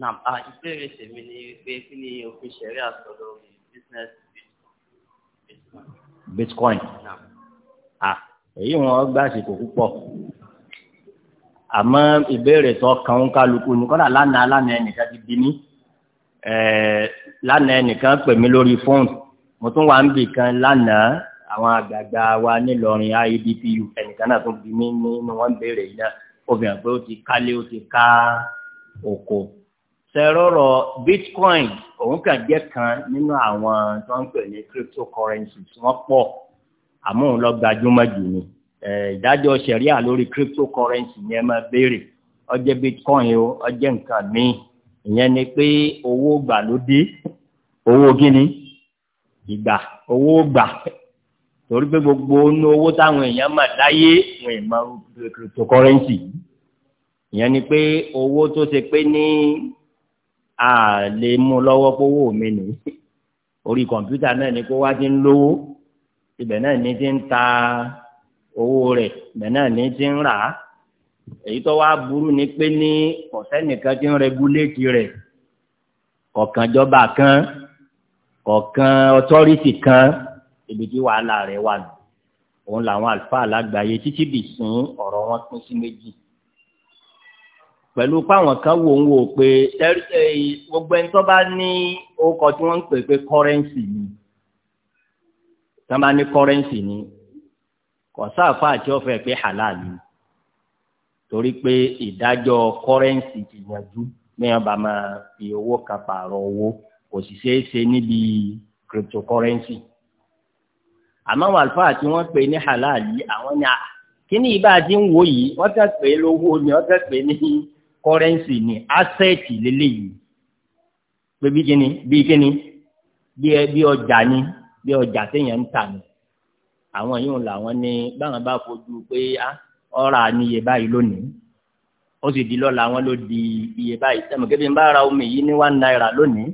Nam a ìbéèrè tèmi ni pé kí ni òfin ṣẹ̀rí àsọ̀rọ̀ business bitcoin. Bitcoin. Nam. A èyí wọn gbà àsìkò púpọ̀. Àmọ́ ìbéèrè tó kàn ń kálukú ni kọ́dà lánàá lánàá ẹnìkan ti bí ní. Lánàá ẹnìkan pè mí lórí fóònù. Mo tún wà ń bì kan lánàá àwọn àgbààgbà wa nílọrin IEDPU ẹnìkan náà tún bí mí nínú wọn béèrè yìí náà. Ó fi hàn pé ó ti kálé ó ti ká oko sẹ̀rọ̀rọ̀ bitcoin òun kàn jẹ́ kan nínú àwọn tó ń pè ní cryptocurrencies wọ́n pọ̀ àmọ́ òun lọ gbajúmọ̀ jù ni ìdájọ́ sẹ̀ríà lórí cryptocurrency yẹn máa béèrè ó jẹ́ bitcoin o ó jẹ́ nǹkan míì ìyẹn ni pé owó gbà ló dé owó gíní ìgbà owó gbà torí pé gbogbo inú owó táwọn èèyàn mà láyé wọn ìmọ̀ cryptocurrency ìyẹn ni pé owó tó ṣe pé ní a lè mú lọ́wọ́ kówó mi nì orí kọ̀ǹpútà náà ni kó wá ti ń lówó ibẹ̀ náà ni ti ń ta owó rẹ̀ ibẹ̀ náà ni ti ń rà á èyí tó wá burú ni pé ní ọ̀sẹ́nìkan ti ń rẹgúléètì rẹ̀ kọ̀ọ̀kanjọba kan kọ̀ọ̀kan ọtọ́rìtì kan ibi tí wàhálà rẹ̀ wà nù òun làwọn àlùfáà lágbàáyé títí bì ọ̀rọ̀ wọn pín sí méjì pẹ̀lú páwọn kan wò ń wò pé gbogbo ẹni tó bá ní orúkọ tí wọ́n ń pè pé kọ́rẹ́ǹsì ni tí wọ́n bá ní kọ́rẹ́ǹsì ni kò sáàfà àti ọ̀fẹ́ pé halal ni torí pé ìdájọ́ kọ́rẹ́ǹsì ti yanjú mẹ́yàn bá máa fi owó kan pààrọ̀ owó kò sì ṣeé ṣe níbi cryptocurrency àmọ́ àwọn àlùfáà tí wọ́n pè ní halal yìí àwọn ni kíní ìbá ti ń wò yìí wọ́n tẹ̀ pé lówó ni wọ́n tẹ̀ pé ní kọ́rẹ́ǹsì ni ásẹ́ẹ̀tì lélẹ́yìí pé bí kíni bí kíni bí ọjà ni bí ọjà téèyàn ń tà ni àwọn yìí ń là wọn ní báwọn bá fojú pé ọ̀rà ni iye báyìí lónìí ó sì di lọ́la wọn ló di iye báyìí sẹ́mi kébí ń bá ra omi yìí ní one naira lónìí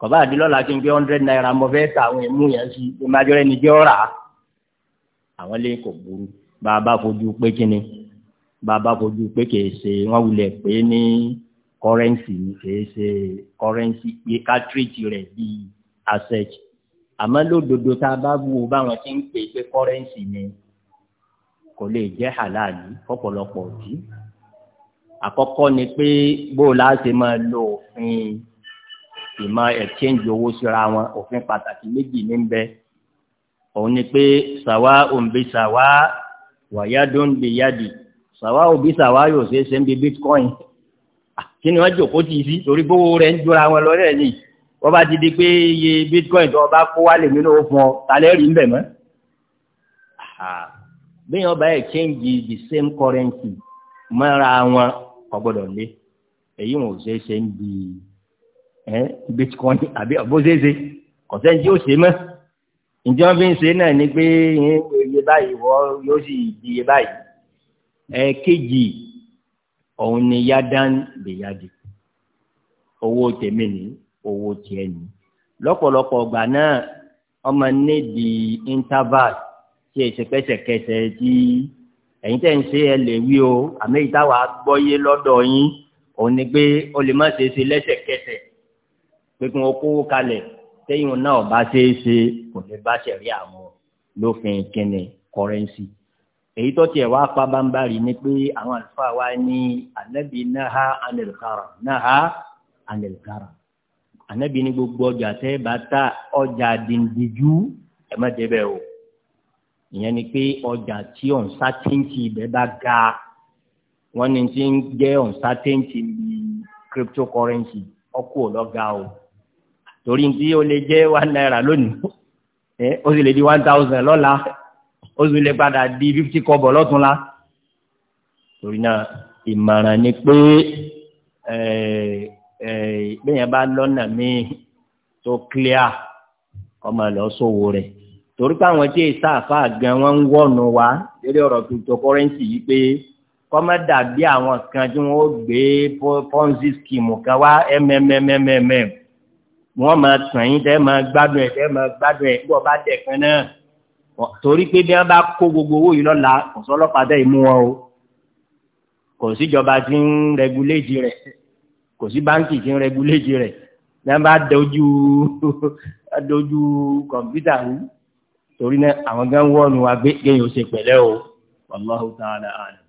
kọ̀bá àdí lọ́la kí n gbé hundred naira mo fẹ́ ta àwọn èèmú yẹn sí i májọ́rẹ́ ni jẹ́ ọ̀rà àwọn lè kò burú bá a bá fojú pé kíni bàbá fojú pé kìí ṣe wọ́n wulẹ̀ pé ní kọ́rẹ́ǹsì ni kìí kọ́rẹ́ǹsì pé ká rẹ̀ bíi asset àmọ́ lódodo tá a bá wù ú báwọn ti ń pè pé kọ́rẹ́ǹsì ni kò lè jẹ́ halali fọ́pọ̀lọpọ̀ òdì àkọ́kọ́ ni pé bó o láti máa lo òfin ìmọ̀ exchange owó síra wọn òfin pàtàkì méjì ní bẹ òun ni pé sàwa òǹbí sàwa wàyádùn bíyádì sàwa òbí sàwa yóò ṣe é ṣe ń bi bitcoin kí ni wọ́n jòkó tì í sí torí gbówó rẹ̀ ń jọra wọn lọ rẹ̀ nìyí wọ́n bá ti di pé iye bitcoin tó o bá kó wá lè nínú fún ọ tálẹ́ rí mbẹ̀ mọ́. bí wọ́n bá exchange the same currency mọ́ra wọn kò gbọ́dọ̀ lé èyí wọn ò ṣe é ṣe ń bi bitcoin àbí bó ṣe é ṣe kò sẹ́ni tí ó ṣe mọ́ ǹjẹ́ wọ́n fi ń ṣe náà ni pé iye báyìí wọ́n yóò sì di iye báyìí ẹ̀ẹ̀kejì òun ni yadan bèyadi owó tèmi ni owó tiẹ̀ ni lọ́pọ̀lọpọ̀ ọgbà náà ọmọ nídìí interval ṣe ìṣẹ̀kẹsẹ̀kẹsẹ̀ tí ẹ̀yin tẹ̀ ń ṣe ẹ lè wí o àmì ìtawà gbọ́yé lọ́dọ̀ yín òun ni pé o lè má ṣe é ṣe lẹ́sẹ̀kẹsẹ̀ pé kí wọ́n kówó kalẹ̀ sẹ́yìn náà bá ṣe é ṣe kò lè bá ṣẹ̀rí àwọn lófin kínní kọrẹ́nsì èyí tó tiẹ̀ wá pa bámbárì ni pé àwọn àlùfáà wa ní anabi naha anilkara naha anilkara anabi ní gbogbo ọjà tẹ́ bá ta ọjà dìndínjú ẹ má débẹ̀ o ìyẹn ni pé ọjà tí ọ̀nsátẹ́ǹtì ibẹ̀ bá ga wọ́n ní ti ń jẹ́ ọ̀nsátẹ́ǹtì ní cryptocurrency ọkọ̀ lọ́ga o torí tí ó lè jẹ́ one naira lónìí ó sì lè di one thousand lọ́la ó sì lè padà di fifty kọ́bọ̀ lọ́túnla torí náà ìmọ̀ràn ni pé bẹ́yẹn bá lọ́nà míì tó clear ọmọ ẹ̀ lọ́sọ̀wọ́ rẹ̀ torí pé àwọn tí èsà àfáà gan wọn ń wọ̀nù wá lórí ọ̀rọ̀ cryptocurrency yìí pé kọ́mọ́ dàbí àwọn kan tí wọ́n gbé ponzi scheme kan wá mmmmm wọ́n máa tàn yín tẹ́ máa gbádùn ẹ̀ tẹ́ máa gbádùn ẹ̀ bí wọ́n bá dẹ̀ náà torí pé bí wọ́n bá kó gbogbo owó yìí lọ́la kò sọ́lọ́pàá dẹ́ ìmú wọn o kò síjọba tí ń rẹguléjì rẹ̀ kò sí báńkì tí ń rẹguléjì rẹ̀ bí wọ́n bá dojú dojú kọ̀ǹpútà rú torí náà àwọn gan wọ́ọ̀nù wa gbé kéèyàn ó ṣe pẹ̀lẹ́ o wallahu ta'ala a'lam.